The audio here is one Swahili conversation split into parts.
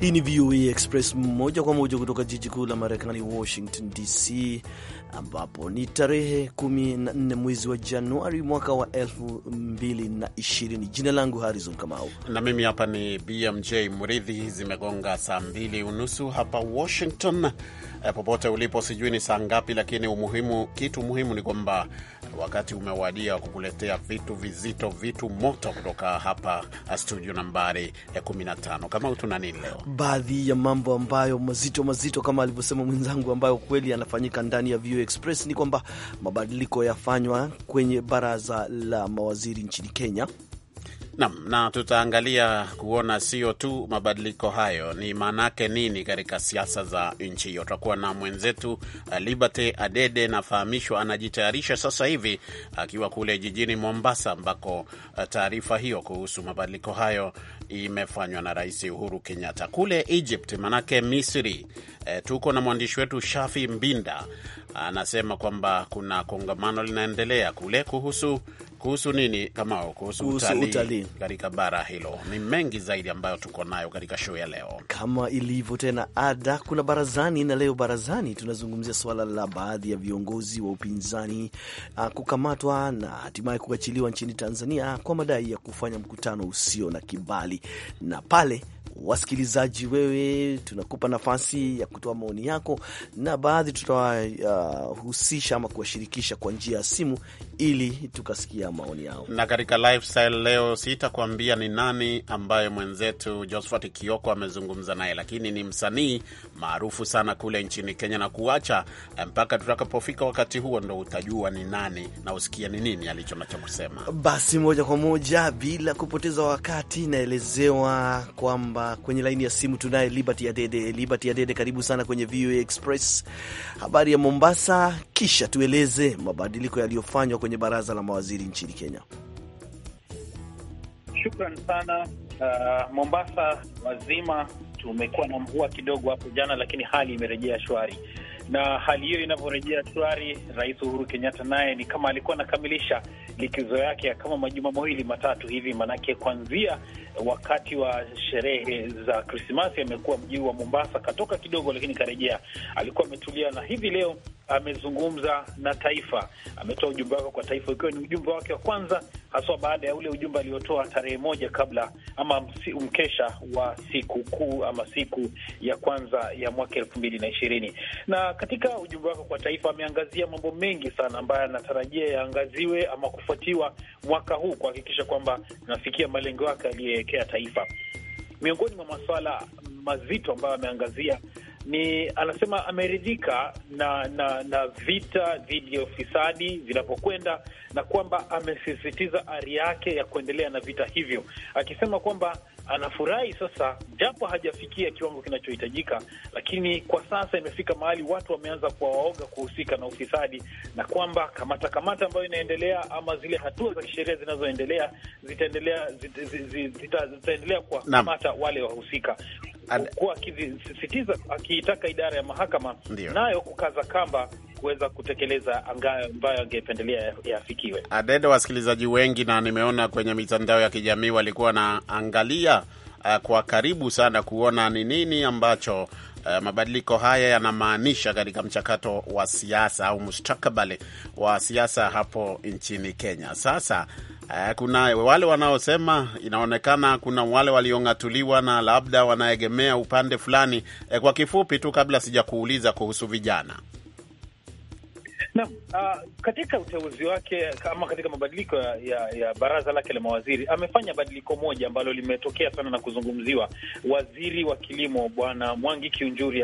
Hii ni VOA Express moja kwa moja kutoka jiji kuu la Marekani, Washington DC, ambapo ni tarehe 14 mwezi wa Januari mwaka wa 2020. Jina langu Harrison Kamau na mimi hapa ni BMJ Mridhi. Zimegonga saa mbili unusu hapa Washington Eh, popote ulipo, sijui ni saa ngapi, lakini umuhimu, kitu muhimu ni kwamba wakati umewadia wa kukuletea vitu vizito, vitu moto kutoka hapa eh, studio nambari 15. Eh, kama tuna nini leo? Baadhi ya mambo ambayo mazito mazito kama alivyosema mwenzangu, ambayo kweli yanafanyika ndani ya VOA Express ni kwamba mabadiliko yafanywa kwenye baraza la mawaziri nchini Kenya Nam, na tutaangalia kuona sio tu mabadiliko hayo ni maanaake nini katika siasa za nchi hiyo. Tutakuwa na mwenzetu uh, Liberty Adede, nafahamishwa anajitayarisha sasa hivi akiwa kule jijini Mombasa, ambako uh, taarifa hiyo kuhusu mabadiliko hayo imefanywa na Rais Uhuru Kenyatta. Kule Egypt, maanake Misri, e, tuko na mwandishi wetu Shafi Mbinda anasema kwamba kuna kongamano linaendelea kule kuhusu kuhusu nini kama Kuhusu, utalii, katika bara hilo. Ni mengi zaidi ambayo tuko nayo katika show ya leo, kama ilivyo tena ada. Kuna barazani, na leo barazani tunazungumzia suala la baadhi ya viongozi wa upinzani uh, kukamatwa na hatimaye kuachiliwa nchini Tanzania kwa madai ya kufanya mkutano usio na kibali, na pale wasikilizaji wewe, tunakupa nafasi ya kutoa maoni yako, na baadhi tutawahusisha uh, ama kuwashirikisha kwa njia ya simu ili tukasikia na maoni yao. Na katika lifestyle leo sitakwambia ni nani ambaye mwenzetu Josphat Kioko amezungumza naye, lakini ni msanii maarufu sana kule nchini Kenya na kuacha eh, mpaka tutakapofika wakati huo ndo utajua ni nani na usikie ni nini alicho nacho kusema. Basi moja kwa moja bila kupoteza wakati, naelezewa kwamba kwenye laini ya simu tunaye Liberty Adede. Liberty Adede, karibu sana kwenye VOA Express. Habari ya Mombasa, kisha tueleze mabadiliko yaliyofanywa kwenye baraza la mawaziri nchini nchini Kenya. Shukran sana uh, Mombasa wazima, tumekuwa na mvua kidogo hapo jana, lakini hali imerejea shwari, na hali hiyo inavyorejea shwari, Rais Uhuru Kenyatta naye ni kama alikuwa anakamilisha likizo yake ya kama majuma mawili matatu hivi, manake kuanzia wakati wa sherehe za Krismasi amekuwa mji wa Mombasa, katoka kidogo, lakini karejea, alikuwa ametulia, na hivi leo amezungumza na taifa, ametoa ujumbe wake kwa taifa, ikiwa ni ujumbe wake wa kwanza haswa baada ya ule ujumbe aliotoa tarehe moja kabla ama mkesha wa siku kuu ama siku ya kwanza ya mwaka elfu mbili na ishirini. Na katika ujumbe wake kwa taifa ameangazia mambo mengi sana ambayo anatarajia yaangaziwe ama kufuatiwa mwaka huu kuhakikisha kwamba nafikia malengo yake aliye kuelekea taifa. Miongoni mwa masuala mazito ambayo ameangazia ni anasema ameridhika na na na vita dhidi ya ufisadi vinapokwenda na kwamba amesisitiza ari yake ya kuendelea na vita hivyo, akisema kwamba anafurahi sasa, japo hajafikia kiwango kinachohitajika, lakini kwa sasa imefika mahali watu wameanza kuwaoga kuhusika na ufisadi, na kwamba kamata kamata ambayo inaendelea ama zile hatua za kisheria zinazoendelea zitaendelea zitaendelea zita, zita, zita, zita kuwakamata wale wahusika kuwa akisisitiza akiitaka idara ya mahakama nayo kukaza kamba kuweza kutekeleza ambayo angependelea yafikiwe. Adede, wasikilizaji wengi na nimeona kwenye mitandao ya kijamii walikuwa wanaangalia uh, kwa karibu sana kuona ni nini ambacho uh, mabadiliko haya yanamaanisha katika mchakato wa siasa au mustakabali wa siasa hapo nchini Kenya. Sasa Uh, kuna wale wanaosema inaonekana kuna wale waliong'atuliwa na labda wanaegemea upande fulani. Uh, kwa kifupi tu kabla sijakuuliza kuhusu vijana na uh, katika uteuzi wake ama katika mabadiliko ya, ya, ya baraza lake la mawaziri amefanya badiliko moja ambalo limetokea sana na kuzungumziwa. Waziri wa kilimo Bwana Mwangi Kiunjuri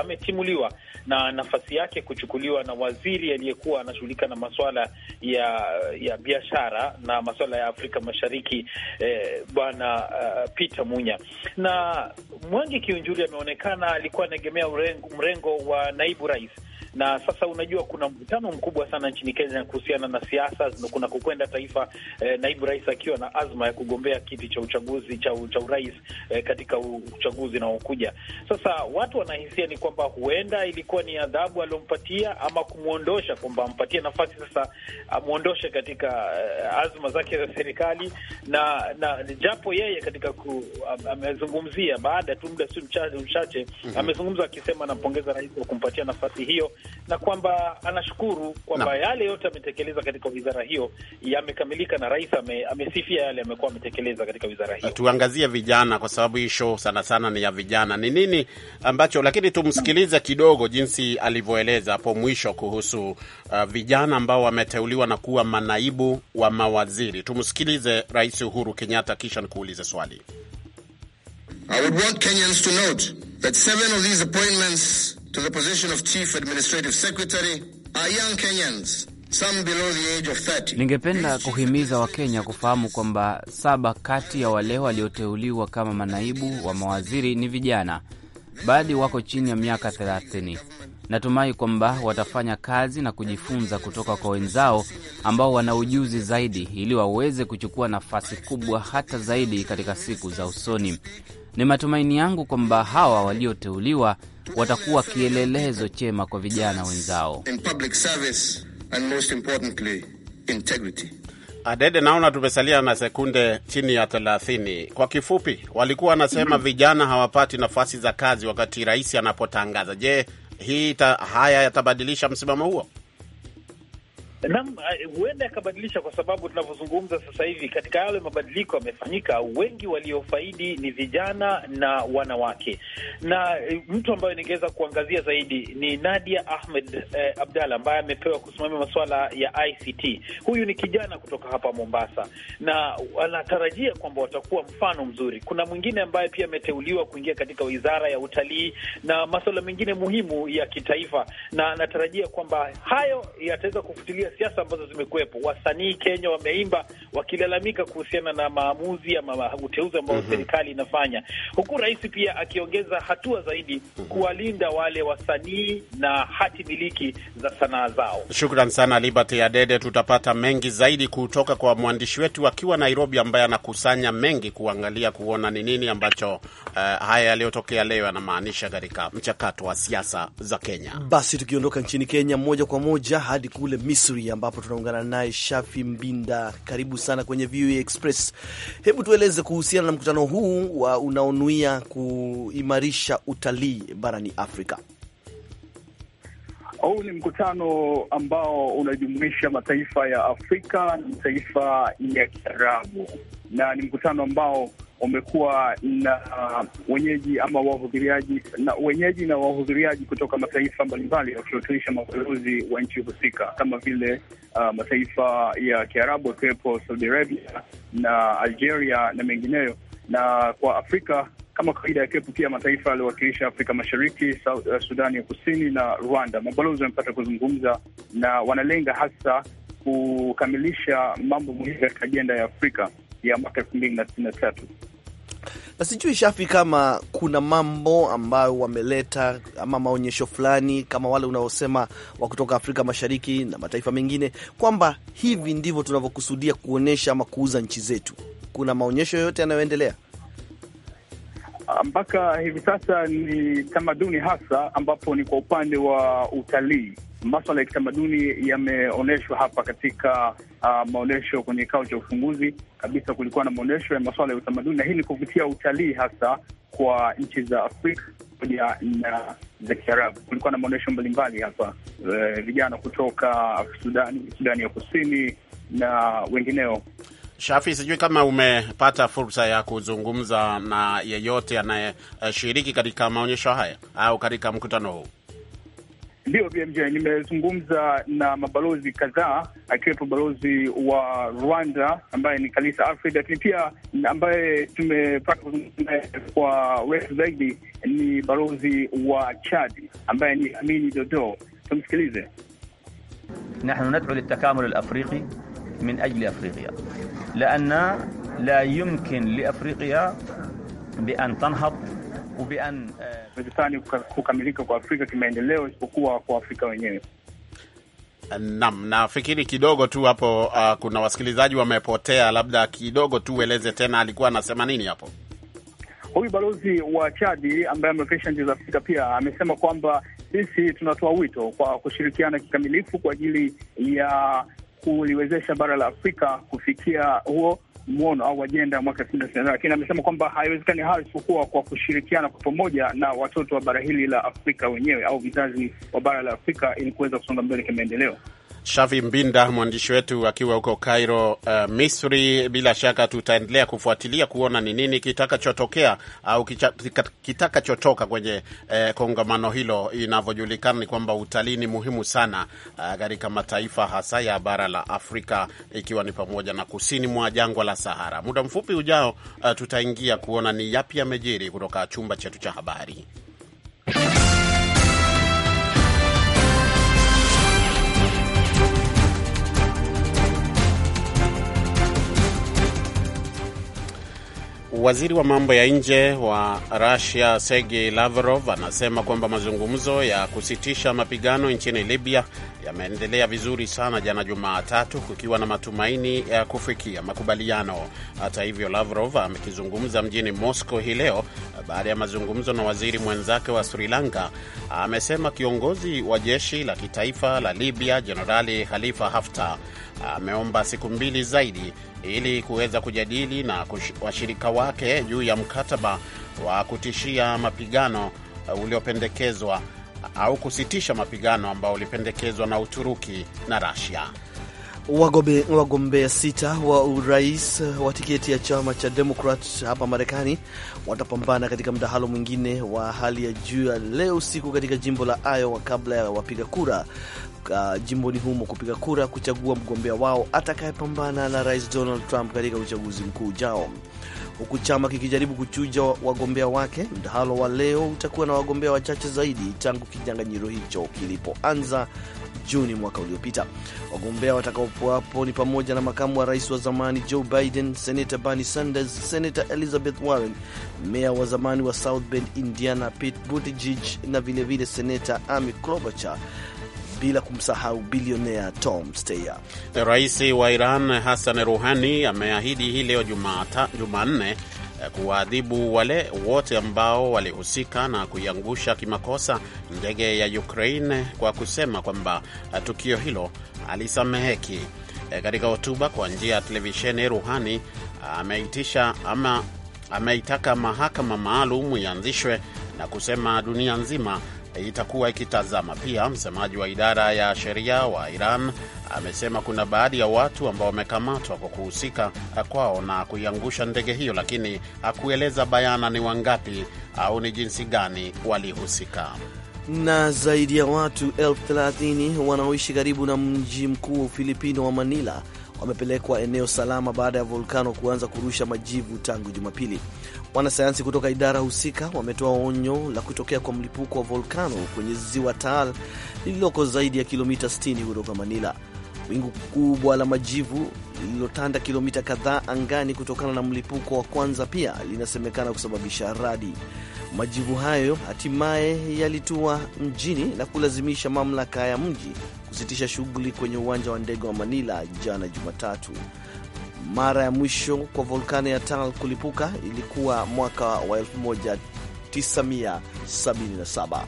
ametimuliwa ame na nafasi yake kuchukuliwa na waziri aliyekuwa anashughulika na masuala ya ya biashara na masuala ya Afrika Mashariki eh, Bwana uh, Peter Munya. Na Mwangi Kiunjuri ameonekana alikuwa anaegemea mrengo wa naibu rais na sasa unajua kuna mvutano mkubwa sana nchini Kenya kuhusiana na siasa kuna kukwenda taifa eh, naibu rais akiwa na azma ya kugombea kiti cha uchaguzi cha, cha urais eh, katika uchaguzi unaokuja. Sasa watu wanahisia ni kwamba huenda ilikuwa ni adhabu aliompatia ama kumwondosha, kwamba ampatie nafasi sasa amwondoshe katika eh, azma zake za serikali na, na japo yeye katika ku, am, amezungumzia baada tu muda si mchache mm -hmm. amezungumza akisema anampongeza rais kwa kumpatia nafasi hiyo na kwamba anashukuru kwamba yale yote ametekeleza katika wizara hiyo yamekamilika, na rais ame, amesifia yale amekuwa ametekeleza katika wizara hiyo. Tuangazie vijana, kwa sababu hii show sana sana ni ya vijana. Ni nini ambacho, lakini tumsikilize kidogo jinsi alivyoeleza hapo mwisho kuhusu uh, vijana ambao wameteuliwa na kuwa manaibu wa mawaziri. Tumsikilize Rais Uhuru Kenyatta, kisha nikuulize swali. I would want Kenyans to note that seven of these appointments to the position of Chief Administrative Secretary are young Kenyans, some below the age of 30. Ningependa kuhimiza Wakenya kufahamu kwamba saba kati ya wale walioteuliwa kama manaibu wa mawaziri ni vijana, baadhi wako chini ya miaka 30. Natumai kwamba watafanya kazi na kujifunza kutoka kwa wenzao ambao wana ujuzi zaidi, ili waweze kuchukua nafasi kubwa hata zaidi katika siku za usoni. Ni matumaini yangu kwamba hawa walioteuliwa watakuwa kielelezo chema kwa vijana wenzao. Adede, naona tumesalia na sekunde chini ya thelathini. Kwa kifupi, walikuwa wanasema mm -hmm. vijana hawapati nafasi za kazi wakati rais anapotangaza. Je, hii ta, haya yatabadilisha msimamo huo? Naam, eh, huenda yakabadilisha kwa sababu tunavyozungumza sasa hivi, katika yale mabadiliko yamefanyika, wengi waliofaidi ni vijana na wanawake, na eh, mtu ambaye ningeweza kuangazia zaidi ni Nadia Ahmed eh, Abdalla ambaye amepewa kusimamia masuala ya ICT. Huyu ni kijana kutoka hapa Mombasa na anatarajia kwamba watakuwa mfano mzuri. Kuna mwingine ambaye pia ameteuliwa kuingia katika wizara ya utalii na masuala mengine muhimu ya kitaifa, na anatarajia kwamba hayo yataweza kufutilia siasa ambazo zimekuwepo, wasanii Kenya wameimba wakilalamika kuhusiana na maamuzi ama uteuzi ambao mm -hmm. serikali inafanya, huku rais pia akiongeza hatua zaidi mm -hmm. kuwalinda wale wasanii na hati miliki za sanaa zao. Shukran sana Liberty Adede, tutapata mengi zaidi kutoka kwa mwandishi wetu akiwa Nairobi, ambaye anakusanya mengi kuangalia kuona ni nini ambacho uh, haya yaliyotokea leo yanamaanisha katika mchakato wa siasa za Kenya. Basi tukiondoka nchini Kenya moja kwa moja hadi kule Misri Misri, ambapo tunaungana naye Shafi Mbinda. Karibu sana kwenye VOA Express. Hebu tueleze kuhusiana na mkutano huu wa unaonuia kuimarisha utalii barani Afrika. Huu ni mkutano ambao unajumuisha mataifa ya Afrika na mataifa ya Kiarabu, na ni mkutano ambao umekuwa na wenyeji ama wahudhuriaji na wenyeji na wahudhuriaji kutoka mataifa mbalimbali wakiwakilisha mabalozi wa nchi husika kama vile uh, mataifa ya Kiarabu akiwepo Saudi Arabia na Algeria na mengineyo, na kwa Afrika kama kawaida kepu pia mataifa yaliyowakilisha Afrika Mashariki, uh, Sudani ya Kusini na Rwanda, mabalozi wamepata kuzungumza na wanalenga hasa kukamilisha mambo muhimu katika ajenda ya Afrika ya mwaka elfu mbili na sitini na tatu na sijui Shafi, kama kuna mambo ambayo wameleta ama maonyesho fulani kama wale unaosema wa kutoka Afrika Mashariki na mataifa mengine kwamba hivi ndivyo tunavyokusudia kuonyesha ama kuuza nchi zetu. Kuna maonyesho yoyote yanayoendelea? mpaka hivi sasa ni tamaduni hasa, ambapo ni kwa upande wa utalii maswala ya kitamaduni yameonyeshwa hapa katika uh, maonyesho kwenye kikao cha ufunguzi kabisa. Kulikuwa na maonyesho ya maswala ya utamaduni, na hii ni kuvutia utalii hasa kwa nchi za Afrika pamoja na za Kiarabu. Kulikuwa na maonyesho mbalimbali hapa, eh, vijana uh, kutoka Sudani, Sudani ya Kusini na wengineo. Shafi, sijui kama umepata fursa ya kuzungumza na yeyote anayeshiriki katika maonyesho haya au katika mkutano huu? Ndiyo, BMJ, nimezungumza na mabalozi kadhaa akiwepo balozi wa Rwanda ambaye ni Kalisa Alfred, lakini pia ambaye tumepata kuzungumza kwa urefu zaidi ni balozi wa Chad ambaye ni Amini Dodo. Tumsikilize. nahnu nad'u litakamul lafriqi من أجل أفريقيا لأن لا يمكن لأفريقيا بأن تنهض وبأن wezekani kukamilika kwa Afrika kimaendeleo isipokuwa kwa Afrika wenyewe. Naam, nafikiri kidogo tu hapo. Uh, kuna wasikilizaji wamepotea, labda kidogo tu ueleze tena, alikuwa anasema nini hapo? Huyu balozi wa Chadi ambaye amewakilisha nchi za Afrika pia amesema kwamba sisi tunatoa wito kwa kushirikiana kikamilifu kwa ajili ya kuliwezesha bara la Afrika kufikia huo mwono au ajenda ya mwaka elfu mbili ishirini na tano, lakini amesema kwamba haiwezekani hayo isipokuwa kwa kushirikiana kwa pamoja na watoto wa bara hili la Afrika wenyewe au vizazi wa bara la Afrika ili kuweza kusonga mbele kimaendeleo. Shafi Mbinda, mwandishi wetu akiwa huko Cairo, uh, Misri. Bila shaka tutaendelea kufuatilia kuona ni nini kitakachotokea au kitakachotoka kwenye eh, kongamano hilo. Inavyojulikana ni kwamba utalii ni muhimu sana uh, katika uh, mataifa hasa ya bara la Afrika, ikiwa ni pamoja na kusini mwa jangwa la Sahara. Muda mfupi ujao, uh, tutaingia kuona ni yapi yamejiri kutoka chumba chetu cha habari. Waziri wa mambo ya nje wa rasia Sergei Lavrov anasema kwamba mazungumzo ya kusitisha mapigano nchini Libya yameendelea vizuri sana jana Jumatatu, kukiwa na matumaini ya kufikia makubaliano. Hata hivyo, Lavrov amekizungumza mjini Moscow hii leo baada ya mazungumzo na waziri mwenzake wa Sri Lanka. Amesema kiongozi wa jeshi la kitaifa la Libya Jenerali Khalifa Haftar ameomba siku mbili zaidi ili kuweza kujadili na washirika wake juu ya mkataba wa kutishia mapigano uh, uliopendekezwa au kusitisha mapigano ambao ulipendekezwa na Uturuki na Rasia. Wagombea sita wa urais uh, wa tiketi ya chama cha Demokrat hapa Marekani watapambana katika mdahalo mwingine wa hali ya juu ya leo siku katika jimbo la Iowa kabla ya wapiga kura uh, jimboni humo kupiga kura kuchagua mgombea wao atakayepambana na Rais Donald Trump katika uchaguzi mkuu ujao. Huku chama kikijaribu kuchuja wagombea wake, mdahalo wa leo utakuwa na wagombea wachache zaidi tangu kinyang'anyiro hicho kilipoanza Juni mwaka uliopita. Wagombea watakaopo ni pamoja na makamu wa rais wa zamani Joe Biden, senata Bernie Sanders, senata Elizabeth Warren, meya wa zamani wa South Bend, Indiana Pete Buttigieg na vilevile senata Amy Klobuchar bila kumsahau bilionea Tom Steyer. Rais wa Iran Hassan Rouhani ameahidi hii leo Jumanne eh, kuwaadhibu wale wote ambao walihusika na kuiangusha kimakosa ndege ya Ukraine kwa kusema kwamba eh, tukio hilo alisameheki. Eh, katika hotuba kwa njia ya televisheni, Ruhani ameitisha ama ameitaka mahakama maalum ianzishwe na kusema dunia nzima itakuwa ikitazama pia. Msemaji wa idara ya sheria wa Iran amesema kuna baadhi ya watu ambao wamekamatwa kwa kuhusika kwao na kuiangusha ndege hiyo, lakini hakueleza bayana ni wangapi au ni jinsi gani walihusika. Na zaidi ya watu elfu thelathini wanaoishi karibu na mji mkuu wa Ufilipino wa Manila wamepelekwa eneo salama baada ya volkano kuanza kurusha majivu tangu Jumapili. Wanasayansi kutoka idara husika wametoa onyo la kutokea kwa mlipuko wa volkano kwenye ziwa Taal lililoko zaidi ya kilomita 60 kutoka Manila. Wingu kubwa la majivu lililotanda kilomita kadhaa angani kutokana na mlipuko wa kwanza pia linasemekana kusababisha radi. Majivu hayo hatimaye yalitua mjini na kulazimisha mamlaka ya mji kusitisha shughuli kwenye uwanja wa ndege wa Manila jana Jumatatu. Mara ya mwisho kwa volkano ya Taal kulipuka ilikuwa mwaka wa 1977.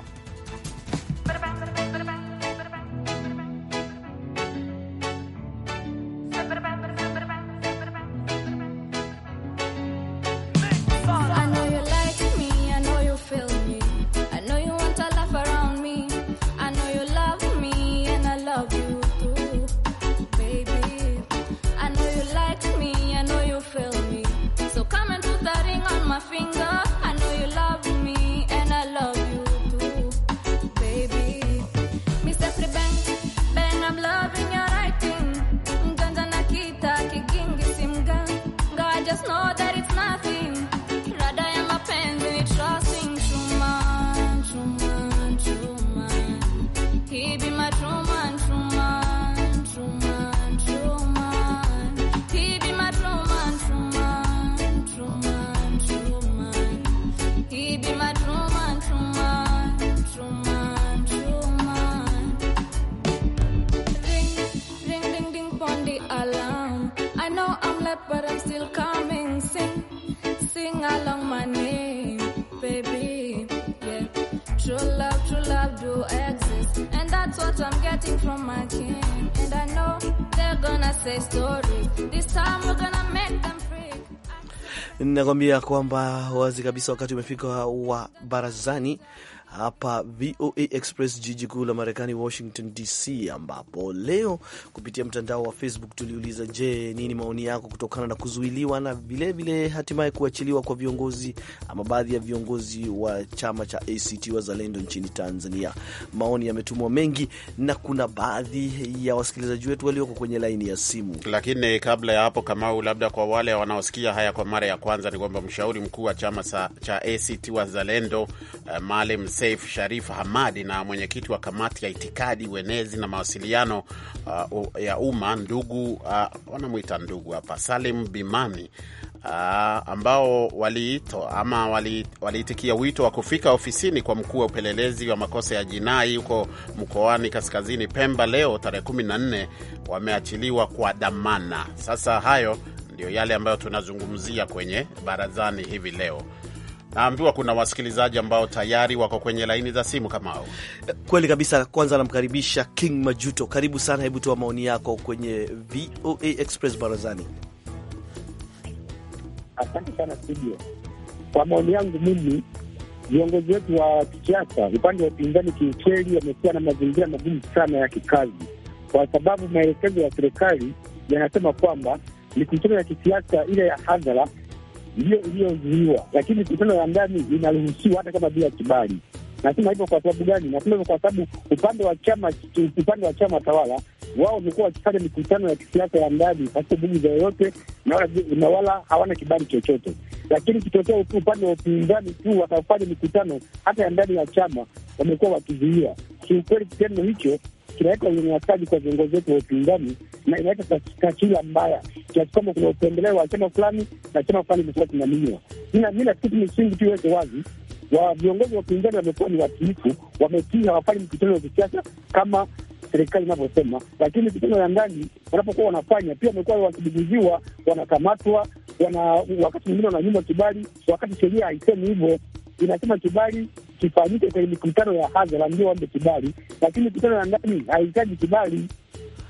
sing along my name, baby. Yeah, true love, true love do exist, and that's what I'm getting from my king. And I know they're gonna say story. This time we're gonna make them freak. Nakwambia kwamba wazi kabisa wakati umefika wa barazani hapa VOA Express, jiji kuu la Marekani, Washington DC, ambapo leo kupitia mtandao wa Facebook tuliuliza, je, nini maoni yako kutokana na kuzuiliwa na vilevile hatimaye kuachiliwa kwa viongozi ama baadhi ya viongozi wa chama cha ACT Wazalendo nchini Tanzania? Maoni yametumwa mengi na kuna baadhi ya wasikilizaji wetu walioko kwenye laini ya simu. Lakini kabla ya hapo, Kamau, labda kwa wale wanaosikia haya kwa mara ya kwanza, ni kwamba mshauri mkuu wa chama cha ACT Wazalendo eh, Maalim Saif Sharif hamadi na mwenyekiti wa kamati ya itikadi, uenezi na mawasiliano uh, ya umma ndugu uh, wanamwita ndugu hapa Salim Bimani uh, ambao waliito ama waliitikia wali wito wa kufika ofisini kwa mkuu wa upelelezi wa makosa ya jinai huko mkoani Kaskazini Pemba leo tarehe 14 wameachiliwa kwa dhamana. Sasa hayo ndio yale ambayo tunazungumzia kwenye barazani hivi leo. Naambiwa kuna wasikilizaji ambao tayari wako kwenye laini za simu kama hao. Kweli kabisa. Kwanza namkaribisha King Majuto, karibu sana. Hebu toa maoni yako kwenye VOA Express barazani. Asante sana studio. Kwa maoni yangu mimi, viongozi wetu wa kisiasa upande wa upinzani, kiukweli wamekuwa na mazingira magumu sana ya kikazi, kwa sababu maelekezo ya serikali yanasema kwamba mikutano ya kisiasa ile ya hadhara ndio iliyozuiwa, lakini mikutano ya ndani inaruhusiwa hata kama bila kibali. Nasema hivyo kwa sababu gani? Nasema hivyo kwa sababu upande wa chama upande wa chama tawala wao wamekuwa wakifanya mikutano ya kisiasa ya ndani pasipo buguza yoyote na wala hawana kibali chochote, lakini kitokea upande wa upinzani tu watafanya mikutano hata ya ndani ya chama, wamekuwa wakizuia. Kiukweli kitendo hicho kinaweka unyanyasaji kwa viongozi wetu wa upinzani na inaweka taswira mbaya kiasi kwamba kuna upendeleo wa chama fulani na chama fulani imekuwa kinaminiwa. Mi nafikiri misingi tu iweke wazi wa viongozi wa upinzani wamekuwa ni watiifu, wametii, hawafanyi mkutano wa kisiasa kama serikali inavyosema, lakini mikutano ya ndani wanapokuwa wanafanya pia wamekuwa wakibuguziwa, wanakamatwa, wana wakati mwingine wananyimwa kibali, wakati sheria haisemi hivyo, inasema kibali kifanyike kwenye mikutano ya hadhara, ndio waombe kibali, lakini mikutano ya ndani haihitaji kibali.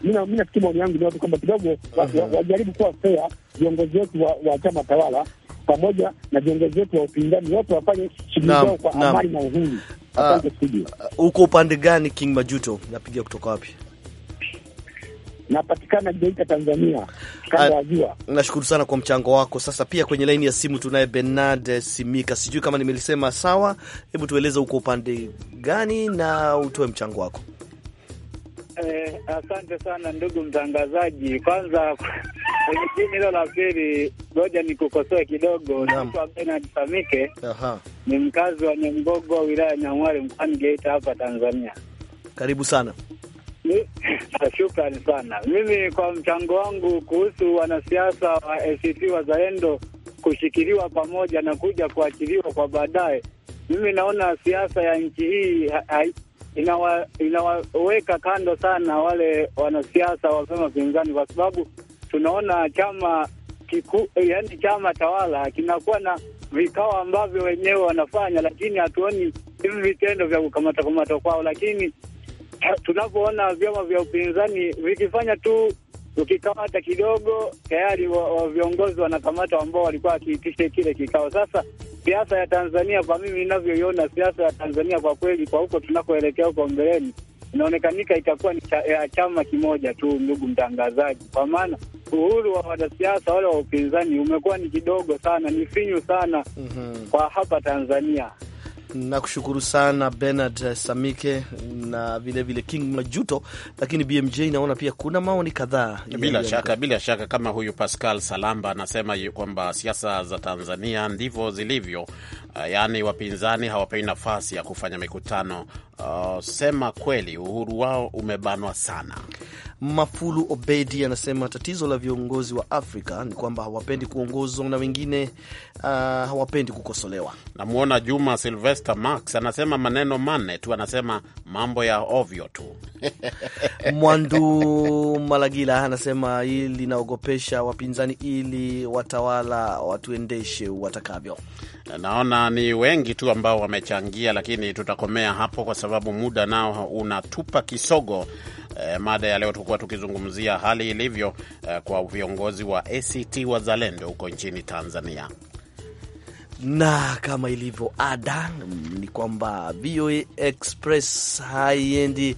Mi nafikiri maoni yangu ni watu kwamba kidogo wajaribu kuwa fea, viongozi wetu wa chama tawala pamoja na viongozi wetu wa upinzani wote wafanye shughuli zao kwa amani na uhuru. Ah, Asante uh, Uko upande gani, King Majuto? Napiga kutoka wapi? napatikana Geita, Tanzania, kanda ah, ya Ziwa. Nashukuru sana kwa mchango wako. Sasa pia kwenye laini ya simu tunaye Bernard Simika, sijui kama nimelisema sawa. Hebu tueleze uko upande gani na utoe mchango wako. Eh, asante sana ndugu mtangazaji. Kwanza kwenye jini hilo la pili, ngoja nikukosoe kidogo. Naitwa Bernard Samike, ni mkazi wa Nyembogo, wilaya ya Nyang'hwale, mkoani Geita, hapa Tanzania. Karibu sana. Ah, shukrani sana. Mimi kwa mchango wangu kuhusu wanasiasa wa ACT Wazalendo kushikiliwa pamoja na kuja kuachiliwa kwa baadaye, mimi naona siasa ya nchi hii inawaweka inawa kando sana wale wanasiasa wa vyama pinzani, kwa sababu tunaona chama kiku, yani chama tawala kinakuwa na vikao ambavyo wenyewe wanafanya, lakini hatuoni hivi vitendo vya kukamata kamata kwao, lakini tunavyoona vyama vya upinzani vikifanya tu ukikamata kidogo tayari wa, wa viongozi wanakamata ambao walikuwa wakiitisha kile kikao. Sasa siasa ya Tanzania kwa mimi ninavyoiona, siasa ya Tanzania kwa kweli, kwa huko tunakoelekea huko mbeleni, inaonekanika itakuwa ni cha, chama kimoja tu, ndugu mtangazaji, kwa maana uhuru wa wanasiasa wale wa upinzani umekuwa ni kidogo sana, ni finyu sana mm -hmm. kwa hapa Tanzania Nakushukuru sana Bernard Samike na vilevile vile King Majuto. Lakini BMJ naona pia kuna maoni kadhaa. Bila shaka, bila shaka, kama huyu Pascal Salamba anasema kwamba siasa za Tanzania ndivyo zilivyo, uh, yaani wapinzani hawapewi nafasi ya kufanya mikutano uh, sema kweli uhuru wao umebanwa sana. Mafulu Obedi anasema tatizo la viongozi wa Afrika ni kwamba hawapendi kuongozwa na wengine, uh, hawapendi kukosolewa. Namwona Juma Silvester Max anasema maneno manne tu, anasema mambo ya ovyo tu. Mwandu Malagila anasema hili linaogopesha wapinzani, ili watawala watuendeshe watakavyo. Naona ni wengi tu ambao wamechangia, lakini tutakomea hapo kwa sababu muda nao unatupa kisogo. E, mada ya leo tulikuwa tukizungumzia hali ilivyo e, kwa viongozi wa ACT Wazalendo huko nchini Tanzania na kama ilivyo ada mm, ni kwamba VOA Express haiendi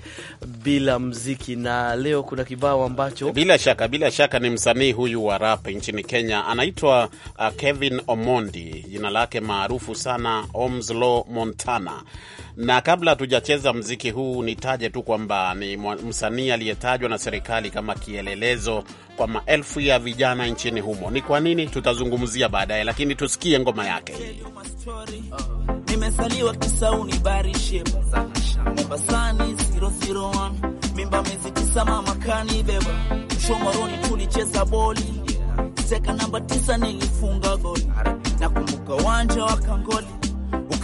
bila mziki, na leo kuna kibao ambacho bila shaka bila shaka ni msanii huyu wa rap nchini Kenya, anaitwa uh, Kevin Omondi, jina lake maarufu sana Omslow Montana. Na kabla hatujacheza mziki huu, nitaje tu kwamba ni msanii aliyetajwa na serikali kama kielelezo kwa maelfu ya vijana nchini humo. Ni kwa nini tutazungumzia baadaye, lakini tusikie ngoma yake hii. Uh, Nimesaliwa Kisauni Barishe Mombasani mimba tisa mama kani beba mshomoroni tulicheza boli seka namba tisa nilifunga goli nakumbuka uwanja wa Kangoli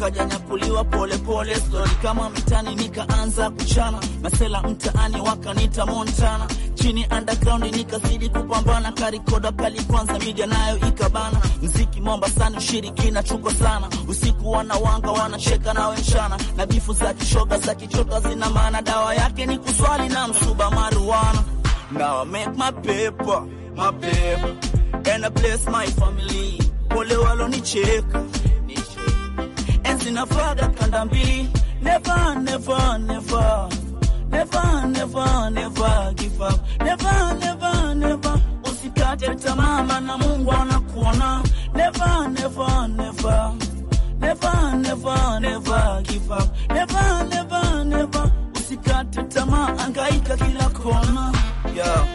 nikajanyakuliwa polepole, stori kama mitani, nikaanza kuchana masela mtaani, wakanita Montana chini underground nikazidi kupambana, karikoda pali kwanza, media nayo ikabana, mziki Mombasani ushirikina chuko sana, usiku wanawanga wanacheka nawe mchana, na bifu za kishoga za kichota zina maana, dawa yake ni kuswali na msuba maruana. Now I make my paper, my paper, and I bless my family, pole walonicheka zinafaga kanda mbili, never never never never never never give up, never never never. Usikate tamama na Mungu anakuona. Never never never never never never give up, never never never. Usikate tamaa, angaika kila kona. Yeah,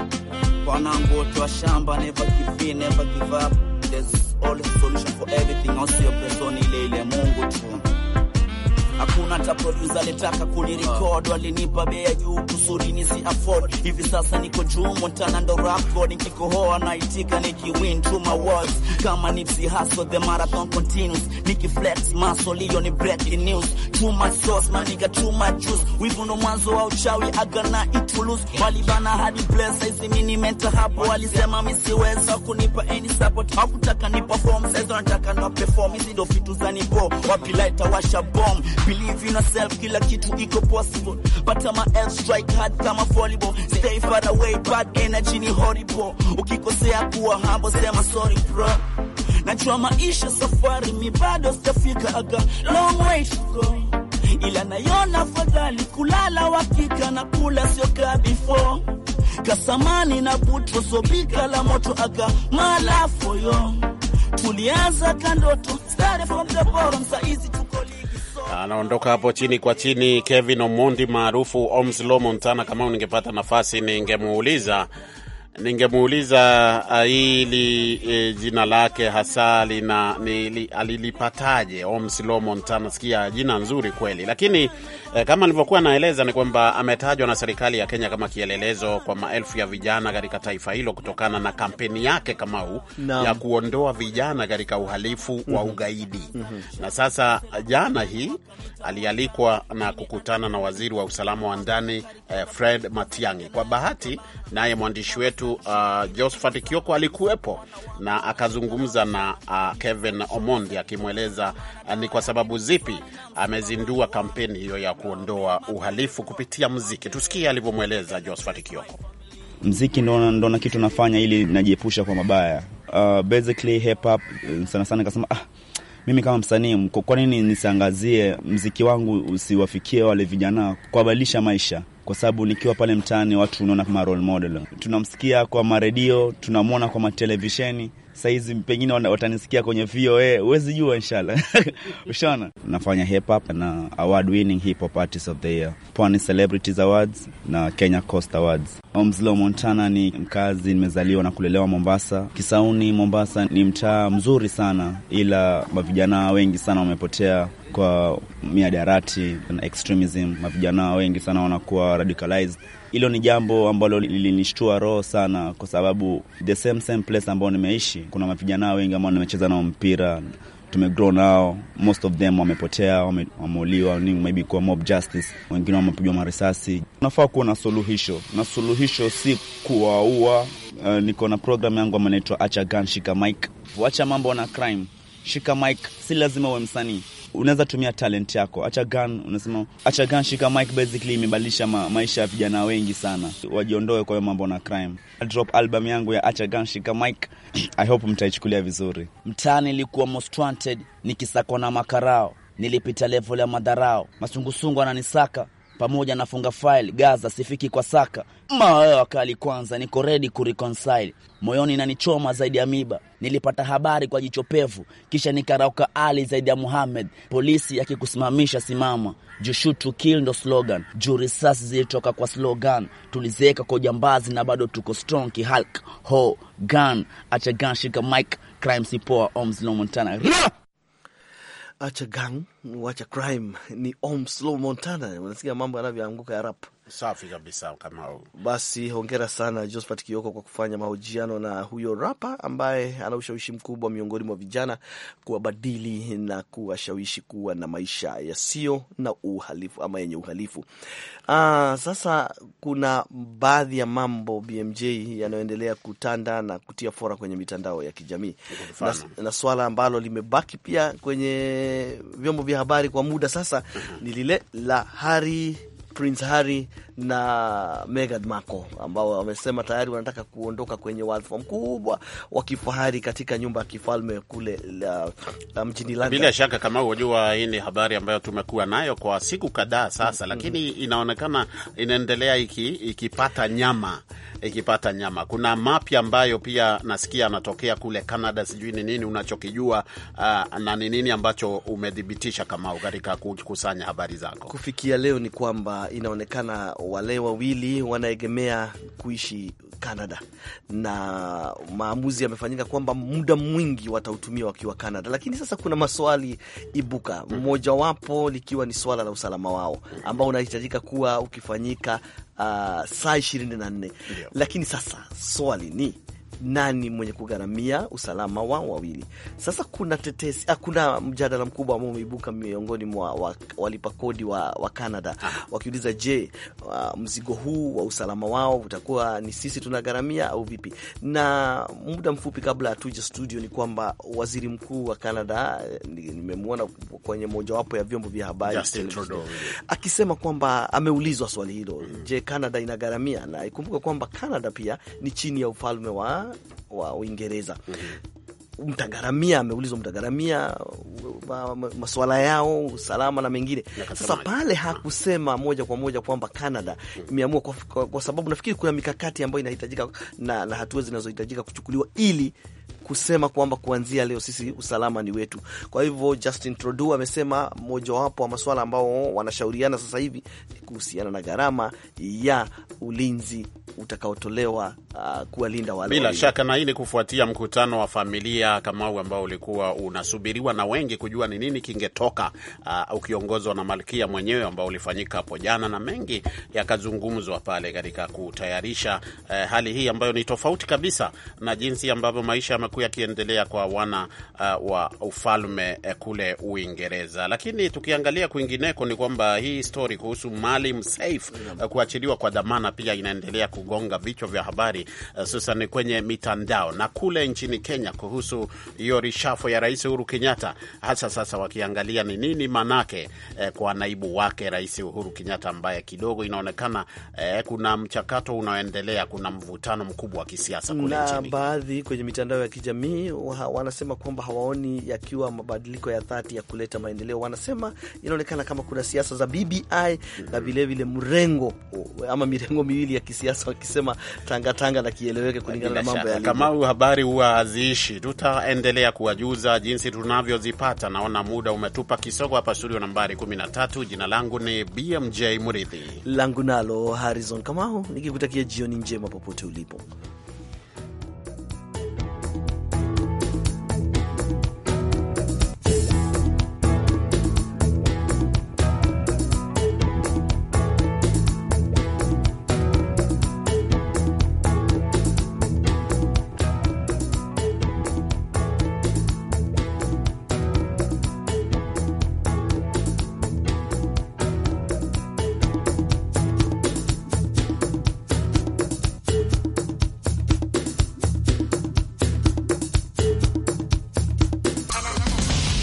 wanangu wote wa shamba, never give up never give up always solution for everything, your person ile ile Mungu tu. Hakuna hata producer alitaka kunirecord, walinipa bei ya juu nzuri nizi afford hivi sasa niko juu Montana ndo rap god nikikohoa naitika nikiwin to my words kama Nipsey Hussle the marathon continues nikiflex muscle hiyo ni breaking news too much sauce manika too much juice wivu ndo mwanzo wa uchawi agana itulus walibana hadi place hizi mini mental hapo walisema misiweza kunipa any support hakutaka ni perform sasa wanataka na perform hizi ndo vitu za nipo wapi lighter washa bomb believe in yourself kila kitu iko possible pata ma strike hard kama volleyball. Stay far away, bad energy ni horrible. Ukikosea kuwa humble, sema sorry bro. Najua maisha safari, mi bado sitafika, aga long way to go, ila nayona fadhali kulala wakika na kula sio ka before kasamani na butro sobika la moto aga malafoyo tulianza kandoto start from the bottom, saizi tuko Anaondoka hapo chini kwa chini. Kevin Omondi maarufu Omslo Montana, kama ningepata nafasi ningemuuliza Ningemuuliza ah, hili e, jina lake hasa lina alilipataje? Oms Lomonta, nasikia jina nzuri kweli, lakini e, kama nilivyokuwa naeleza ni kwamba ametajwa na serikali ya Kenya kama kielelezo kwa maelfu ya vijana katika taifa hilo kutokana na kampeni yake kama huu ya kuondoa vijana katika uhalifu mm -hmm. wa mhm. ugaidi mm -hmm. na sasa jana hii alialikwa na kukutana na waziri wa usalama wa ndani eh, Fred Matiang'i. Kwa bahati naye mwandishi wetu wetu uh, Josphat Kioko alikuwepo na akazungumza na uh, Kevin Omondi akimweleza uh, ni kwa sababu zipi amezindua kampeni hiyo ya kuondoa uhalifu kupitia mziki. Tusikie alivyomweleza Josphat Kioko. Mziki ndo na kitu nafanya ili najiepusha kwa mabaya uh, basically hip hop uh, sana sana, kasema ah, mimi kama msanii, kwa nini nisiangazie mziki wangu usiwafikie wale vijana, kuwabadilisha maisha kwa sababu nikiwa pale mtaani watu unaona kama role model, tunamsikia kwa maredio, tunamwona kwa matelevisheni saizi pengine watanisikia kwenye VOA, huwezi jua inshallah. Ushaona, nafanya hip hop na award winning hip hop artist of the year, Pwani Celebrities Awards na Kenya Coast Awards. Omslow Montana ni mkazi, nimezaliwa na kulelewa Mombasa. Kisauni Mombasa ni mtaa mzuri sana, ila mavijana wengi sana wamepotea kwa miadarati na extremism. Mavijana wengi sana wanakuwa radicalized hilo ni jambo ambalo lilinishtua roho sana, kwa sababu the same same place ambao nimeishi, kuna mavijana wengi ambao nimecheza nao mpira tumegrow nao, most of them wamepotea, wameuliwa, maybe kwa mob justice, wengine wamepigwa marisasi. Unafaa kuwa na suluhisho, na suluhisho si kuwaua. Uh, niko na program yangu ambayo inaitwa acha gun shika mic, wacha mambo na crime, shika mic. Si lazima uwe msanii unaweza tumia talent yako. Acha gun, unasema acha gun shika mic, basically imebadilisha ma, maisha ya vijana wengi sana, wajiondoe kwa hiyo mambo na crime. I drop album yangu ya acha gun shika mic I hope mtaichukulia vizuri. Mtaani nilikuwa most wanted, nikisakwa na makarao, nilipita level ya madharao, masungusungu ananisaka pamoja na funga file Gaza sifiki kwa saka mawawe wakali kwanza, niko redi kureconcile moyoni na nichoma zaidi ya miba. Nilipata habari kwa jicho pevu, kisha nikarauka Ali zaidi ya muhammed Polisi yakikusimamisha simama, jushu to kill ndo slogan, juu risasi zilitoka kwa slogan. Tulizeeka kwa ujambazi na bado tuko strong kihalk ho gun acha gun shika mic crime sipoa omslo Montana Rah! acha gang wacha crime ni Om Slow Montana. Unasikia mambo yanavyoanguka ya rap Safi kabisa Kamau. Basi hongera sana Josphat Kioko kwa kufanya mahojiano na huyo rapa ambaye ana ushawishi mkubwa miongoni mwa vijana kuwabadili na kuwashawishi kuwa na maisha yasiyo na uhalifu ama yenye uhalifu. Aa, ah, sasa kuna baadhi ya mambo BMJ yanayoendelea kutanda na kutia fora kwenye mitandao ya kijamii na, na swala ambalo limebaki pia kwenye vyombo vya habari kwa muda sasa mhm. ni lile la hari Prince Harry na Meghan Markle ambao wamesema tayari wanataka kuondoka kwenye wadhifa mkubwa wa kifahari katika nyumba ya kifalme kule la, la mjini London. Bila shaka kama unajua, hii ni habari ambayo tumekuwa nayo kwa siku kadhaa sasa, mm-hmm. lakini mm -hmm. inaonekana inaendelea iki, ikipata nyama ikipata nyama. Kuna mapya ambayo pia nasikia anatokea kule Canada, sijui ni nini unachokijua uh, na ni nini ambacho umethibitisha Kamau katika kukusanya habari zako kufikia leo ni kwamba inaonekana wale wawili wanaegemea kuishi Canada na maamuzi yamefanyika kwamba muda mwingi watautumia wakiwa Canada, lakini sasa kuna maswali ibuka, mmojawapo likiwa ni swala la usalama wao ambao unahitajika kuwa ukifanyika uh, saa ishirini na nne, lakini sasa swali ni nani mwenye kugharamia usalama wao wawili. Sasa kuna tetesi, ah, kuna mjadala mkubwa ambao umeibuka miongoni mwa walipa kodi wa, wa Canada ah. wakiuliza, je, uh, mzigo huu wa usalama wao utakuwa ni sisi tunagharamia au vipi? Na muda mfupi kabla atuje studio, ni kwamba waziri mkuu wa Canada nimemwona kwenye mojawapo ya vyombo vya habari akisema kwamba ameulizwa swali hilo, mm. je, Canada inagharamia? Na ikumbuka kwamba Canada pia ni chini ya ufalme wa wa Uingereza. mm -hmm. ameulizwa, mtagaramia masuala yao usalama na mengine. Sasa pale hakusema moja kwa moja kwamba Canada imeamua kwa, kwa, kwa sababu nafikiri kuna mikakati ambayo inahitajika na, na hatua zinazohitajika kuchukuliwa ili kusema kwamba kuanzia leo sisi usalama ni wetu. Kwa hivyo Justin Trudeau amesema mojawapo wa masuala ambao wanashauriana sasa hivi ni kuhusiana na gharama ya ulinzi utakaotolewa uh, kuwalinda wale. Bila shaka, na hii ni kufuatia mkutano wa familia Kamau ambao ulikuwa unasubiriwa na wengi kujua ni nini kingetoka, uh, ukiongozwa na Malkia mwenyewe ambao ulifanyika hapo jana, na mengi yakazungumzwa pale katika kutayarisha uh, hali hii ambayo ni tofauti kabisa na jinsi ambavyo maisha yamekuwa yakiendelea kwa wana uh, wa ufalme uh, kule Uingereza. Lakini tukiangalia kwingineko ni kwamba hii story kuhusu Maalim Seif uh, kuachiliwa kwa dhamana pia inaendelea ku kugonga vichwa vya habari eh, hususan kwenye mitandao na kule nchini Kenya kuhusu hiyo rishafo ya Rais Uhuru Kenyatta, hasa sasa wakiangalia ni nini manake eh, kwa naibu wake Rais Uhuru Kenyatta ambaye kidogo inaonekana eh, kuna mchakato unaoendelea, kuna mvutano mkubwa wa kisiasa kule na nchini. Baadhi kwenye mitandao ya kijamii wanasema kwamba hawaoni yakiwa mabadiliko ya dhati ya kuleta maendeleo. Wanasema inaonekana kama kuna siasa za BBI mm -hmm. na vilevile mm-hmm. mrengo ama mirengo miwili ya kisiasa wakisema tangatanga na kieleweke kulingana na mambo ya Kamau. Habari huwa haziishi, tutaendelea kuwajuza jinsi tunavyozipata. Naona muda umetupa kisogo hapa studio nambari 13. Jina langu ni BMJ mridhi langu nalo Harrison Kamau, nikikutakia jioni njema popote ulipo.